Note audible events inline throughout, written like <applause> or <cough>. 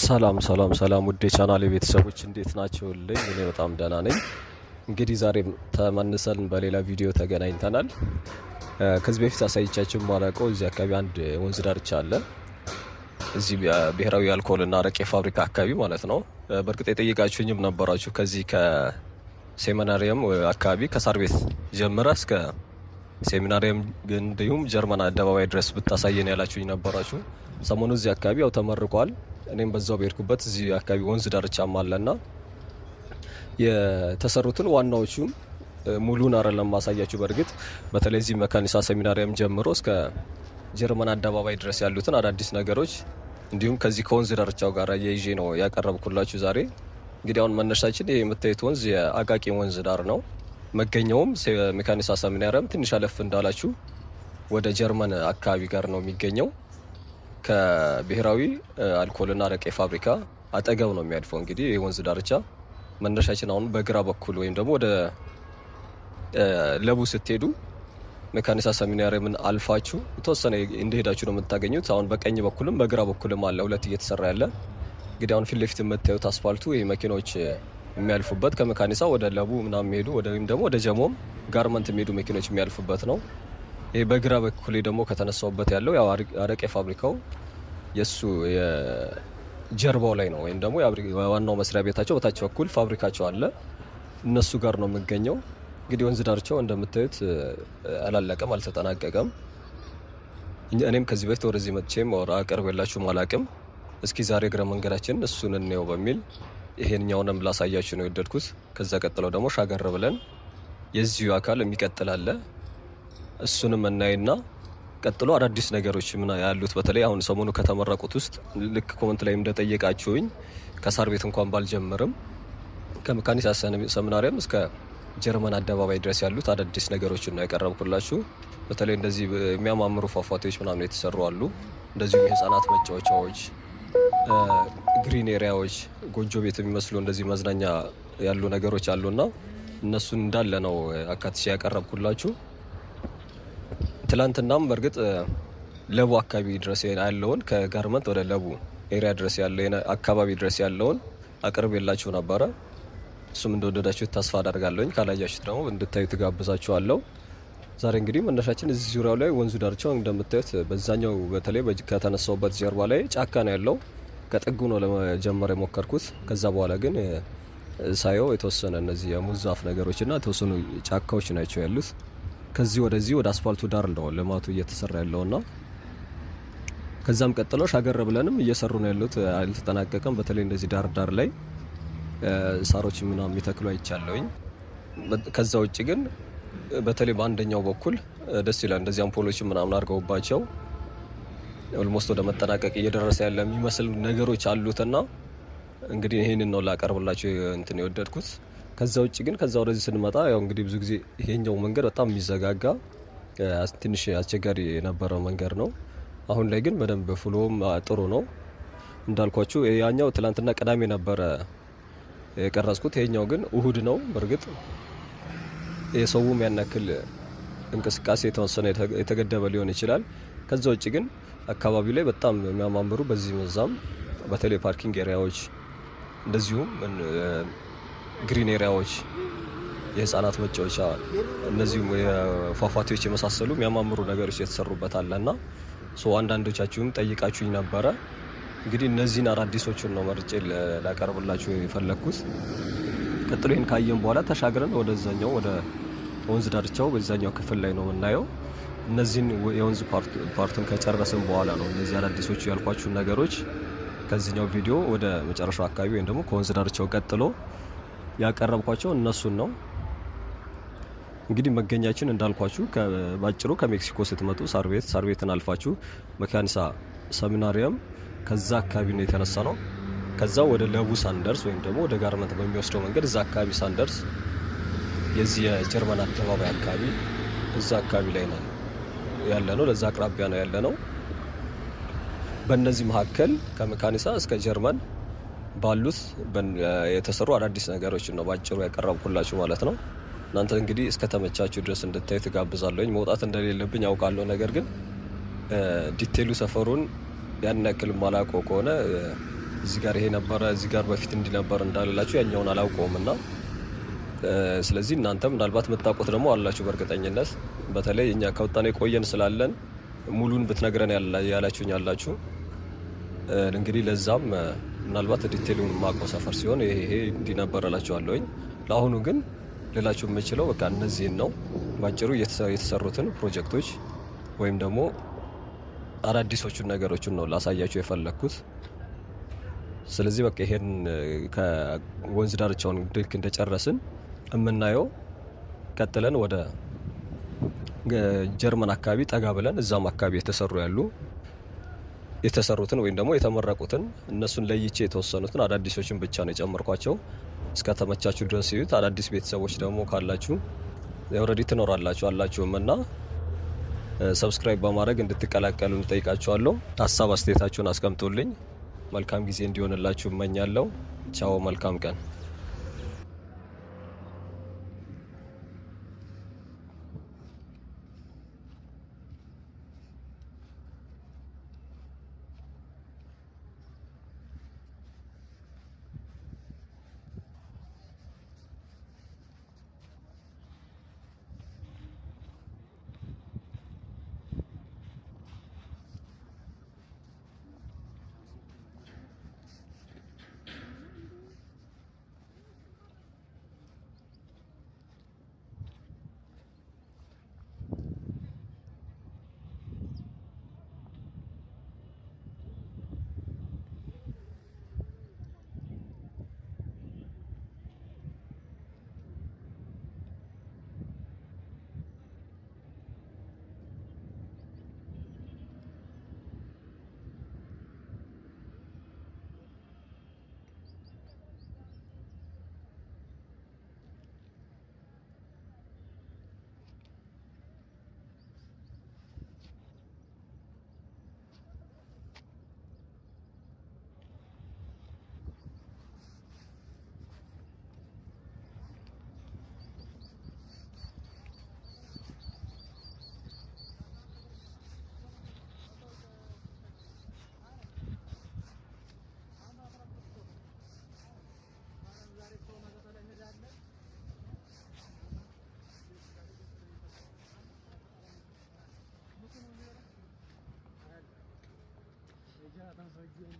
ሰላም ሰላም ሰላም ውድ የቻናል ቤተሰቦች እንዴት ልኝ እኔ በጣም ደህና ነኝ። እንግዲህ ዛሬም ተመንሰን በሌላ ቪዲዮ ተገናኝተናል። ከዚህ በፊት አሳይቻችሁ ማላውቀው እዚህ አካባቢ አንድ ወንዝ ዳርቻ አለ። እዚህ ብሔራዊ የአልኮልና አረቄ ፋብሪካ አካባቢ ማለት ነው። በእርግጥ የጠየቃችሁኝም ነበራችሁ። ከዚህ ከሴሚናሪየም አካባቢ ከሳር ቤት ጀምረ እስከ ሴሚናሪየም እንዲሁም ጀርመን አደባባይ ድረስ ብታሳየን ያላችሁኝ ነበራችሁ። ሰሞኑ እዚህ አካባቢ ያው ተመርቋል። እኔም በዛው በሄድኩበት እዚህ አካባቢ ወንዝ ዳርቻም አለና የተሰሩትን ዋናዎቹን ሙሉን አይደለም ማሳያችሁ። በእርግጥ በተለይ እዚህ መካኒሳ ሰሚናሪያም ጀምሮ እስከ ጀርመን አደባባይ ድረስ ያሉትን አዳዲስ ነገሮች እንዲሁም ከዚህ ከወንዝ ዳርቻው ጋር የይዤ ነው ያቀረብኩላችሁ ዛሬ። እንግዲህ አሁን መነሻችን ይህ የምታዩት ወንዝ የአቃቂ ወንዝ ዳር ነው። መገኘውም ሜካኒሳ ሰሚናሪያም ትንሽ አለፍ እንዳላችሁ ወደ ጀርመን አካባቢ ጋር ነው የሚገኘው። ከብሔራዊ አልኮልና አረቄ ፋብሪካ አጠገብ ነው የሚያልፈው። እንግዲህ ይህ ወንዝ ዳርቻ መነሻችን አሁን በግራ በኩል ወይም ደግሞ ወደ ለቡ ስትሄዱ ሜካኒሳ ሰሚናሪምን አልፋችሁ የተወሰነ እንደሄዳችሁ ነው የምታገኙት። አሁን በቀኝ በኩልም በግራ በኩልም አለ ሁለት እየተሰራ ያለ እንግዲህ አሁን ፊት ለፊት የምታዩት አስፋልቱ ይህ መኪኖች የሚያልፉበት ከመካኒሳ ወደ ለቡ ምናምን የሚሄዱ ወይም ደግሞ ወደ ጀሞም ጋርመንት የሚሄዱ መኪኖች የሚያልፉበት ነው። ይህ በግራ በኩል ደግሞ ከተነሳውበት ያለው ያው አረቄ ፋብሪካው የእሱ የጀርባው ላይ ነው፣ ወይም ደግሞ ዋናው መስሪያ ቤታቸው በታች በኩል ፋብሪካቸው አለ፣ እነሱ ጋር ነው የምገኘው። እንግዲህ ወንዝ ዳርቻው እንደምታዩት አላለቀም፣ አልተጠናቀቀም። እኔም ከዚህ በፊት ወደዚህ መጥቼም ወራ አቀርቤላችሁም አላቅም። እስኪ ዛሬ እግረ መንገዳችን እሱን እንየው በሚል ይሄንኛውንም ላሳያችሁ ነው የወደድኩት። ከዛ ቀጥለው ደግሞ ሻገር ብለን የዚሁ አካል የሚቀጥል አለ። እሱንም እናይና ቀጥሎ አዳዲስ ነገሮች ምን ያሉት በተለይ አሁን ሰሞኑ ከተመረቁት ውስጥ ልክ ኮመንት ላይ እንደጠየቃችሁኝ ከሳር ቤት እንኳን ባልጀምርም ከመካኒስ ሰምናሪያም እስከ ጀርመን አደባባይ ድረስ ያሉት አዳዲስ ነገሮች ነው ያቀረብኩላችሁ። በተለይ እንደዚህ የሚያማምሩ ፏፏቴዎች ምናምን የተሰሩ አሉ። እንደዚሁም የህፃናት መጫወቻዎች፣ ግሪን ኤሪያዎች፣ ጎጆ ቤት የሚመስሉ እንደዚህ መዝናኛ ያሉ ነገሮች አሉና እነሱን እንዳለ ነው አካትሽ ያቀረብኩላችሁ። ትላንትናም በእርግጥ ለቡ አካባቢ ድረስ ያለውን ከጋርመንት ወደ ለቡ ኤሪያ ድረስ ያለው አካባቢ ድረስ ያለውን አቅርብ የላችሁ ነበረ። እሱም እንደወደዳችሁት ተስፋ አደርጋለሁኝ። ካላያችሁት ደግሞ እንድታዩ ትጋብዛችኋለሁ። ዛሬ እንግዲህ መነሻችን እዚህ ዙሪያው ላይ ወንዙ ዳርቻው እንደምታዩት በዛኛው በተለይ ከተነሳውበት ጀርባ ላይ ጫካ ነው ያለው። ከጥጉ ነው ለመጀመር የሞከርኩት። ከዛ በኋላ ግን ሳየው የተወሰነ እነዚህ የሙዝ ዛፍ ነገሮችና የተወሰኑ ጫካዎች ናቸው ያሉት። ከዚህ ወደዚህ ወደ አስፋልቱ ዳር ነው ልማቱ እየተሰራ ያለውና ከዛም ቀጥሎ ሻገር ብለንም እየሰሩ ነው ያሉት። አልተጠናቀቀም። በተለይ እንደዚህ ዳር ዳር ላይ ሳሮች ምና የሚተክሉ አይቻለውኝ። ከዛ ውጭ ግን በተለይ በአንደኛው በኩል ደስ ይላል። እንደዚህ አምፖሎች ምናምን አድርገውባቸው ኦልሞስት ወደ መጠናቀቅ እየደረሰ ያለ የሚመስል ነገሮች አሉትና እንግዲህ ይህንን ነው ላቀርብላቸው እንትን የወደድኩት። ከዛ ውጭ ግን ከዛ ወደዚህ ስንመጣ ያው እንግዲህ ብዙ ጊዜ ይሄኛው መንገድ በጣም የሚዘጋጋ ትንሽ አስቸጋሪ የነበረው መንገድ ነው። አሁን ላይ ግን በደንብ ፍሎም ጥሩ ነው። እንዳልኳችሁ ያኛው ትላንትና ቅዳሜ ነበረ የቀረጽኩት፣ ይሄኛው ግን እሁድ ነው። በእርግጥ የሰውም ያናክል ያክል እንቅስቃሴ የተወሰነ የተገደበ ሊሆን ይችላል። ከዛ ውጭ ግን አካባቢው ላይ በጣም የሚያማምሩ በዚህ መዛም በተለይ ፓርኪንግ ኤሪያዎች እንደዚሁም ግሪን ኤሪያዎች፣ የህፃናት መጫወቻ፣ እነዚሁም የፏፏቴዎች የመሳሰሉ የሚያማምሩ ነገሮች የተሰሩበት አለና አንዳንዶቻችሁም ጠይቃችሁኝ ነበረ። እንግዲህ እነዚህን አዳዲሶቹን ነው መርጬ ላቀርብላችሁ የፈለግኩት። ቀጥሎ ይህን ካየን በኋላ ተሻግረን ወደዛኛው ወደ ወንዝ ዳርቻው በዛኛው ክፍል ላይ ነው የምናየው። እነዚህን የወንዝ ፓርቱን ከጨረስን በኋላ ነው እነዚህ አዳዲሶቹ ያልኳችሁን ነገሮች ከዚህኛው ቪዲዮ ወደ መጨረሻው አካባቢ ወይም ደግሞ ከወንዝ ዳርቻው ቀጥሎ ያቀረብኳቸው እነሱን ነው። እንግዲህ መገኛችን እንዳልኳችሁ ባጭሩ ከሜክሲኮ ስትመጡ ሳርቤት፣ ሳርቤትን አልፋችሁ መካኒሳ ሰሚናሪየም፣ ከዛ አካባቢ ነው የተነሳ ነው። ከዛ ወደ ለቡ ሳንደርስ ወይም ደግሞ ወደ ጋርመንት በሚወስደው መንገድ እዛ አካባቢ ሳንደርስ የዚህ የጀርመን አደባባይ አካባቢ እዛ አካባቢ ላይ ነው ያለ ነው። ለዛ አቅራቢያ ነው ያለ ነው። በእነዚህ መካከል ከመካኒሳ እስከ ጀርመን ባሉት የተሰሩ አዳዲስ ነገሮችን ነው ባጭሩ ያቀረብኩላችሁ ማለት ነው። እናንተ እንግዲህ እስከተመቻችሁ ድረስ እንድታዩ ትጋብዛለኝ። መውጣት እንደሌለብኝ ያውቃለሁ። ነገር ግን ዲቴሉ ሰፈሩን ያን ያክል ማላውቀው ከሆነ እዚህ ጋር ይሄ ነበረ፣ እዚህ ጋር በፊት እንዲነበር እንዳላችሁ ያኛውን አላውቀውም እና ስለዚህ እናንተም ምናልባት የምታውቁት ደግሞ አላችሁ በእርግጠኝነት። በተለይ እኛ ከወጣን የቆየን ስላለን ሙሉን ብትነግረን ያላችሁኝ አላችሁ እንግዲህ ለዛም ምናልባት ዲቴሉን ማቆ ሰፈር ሲሆን ይሄ ይሄ እንዲነበር እላቸዋለሁኝ። ለአሁኑ ግን ልላችሁ የምችለው በቃ እነዚህን ነው ባጭሩ የተሰሩትን ፕሮጀክቶች ወይም ደግሞ አዳዲሶቹን ነገሮችን ነው ላሳያችሁ የፈለግኩት። ስለዚህ በቃ ይሄን ከወንዝ ዳርቻውን ድልክ እንደጨረስን የምናየው ቀጥለን ወደ ጀርመን አካባቢ ጠጋ ብለን እዛም አካባቢ የተሰሩ ያሉ የተሰሩትን ወይም ደግሞ የተመረቁትን እነሱን ለይቼ የተወሰኑትን አዳዲሶችን ብቻ ነው የጨመርኳቸው። እስከ ተመቻችሁ ድረስ ይዩት። አዳዲስ ቤተሰቦች ደግሞ ካላችሁ ኦልሬዲ ትኖራላችሁ አላችሁም እና ሰብስክራይብ በማድረግ እንድትቀላቀሉ እንጠይቃችኋለሁ። ሀሳብ አስተያየታችሁን አስቀምጡልኝ። መልካም ጊዜ እንዲሆንላችሁ እመኛለሁ። ቻው፣ መልካም ቀን Glen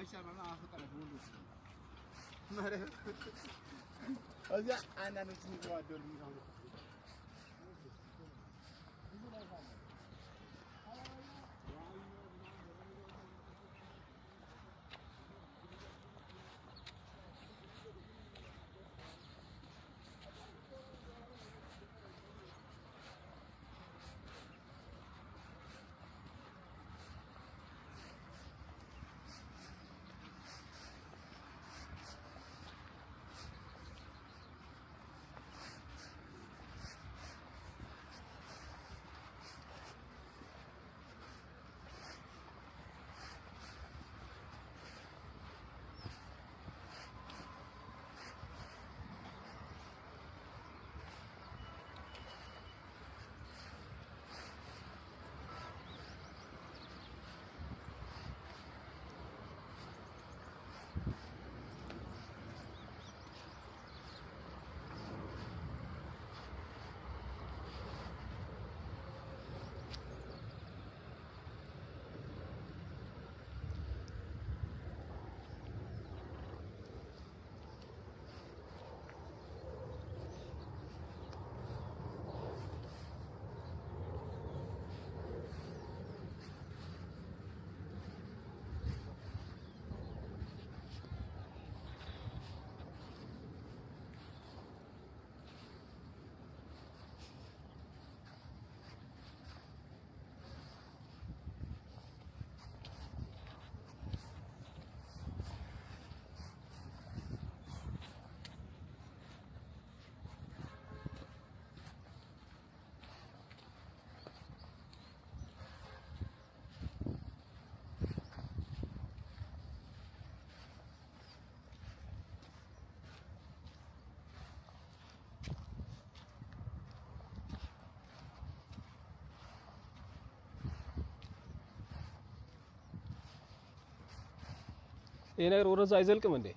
aşağıdan arka tarafı bulursun. Bunları... <laughs> O yüzden annenin sinirli var diyorum. ते नाही रोडच का म्हणते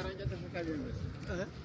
Karanja ficar Mukavimas. Uhum.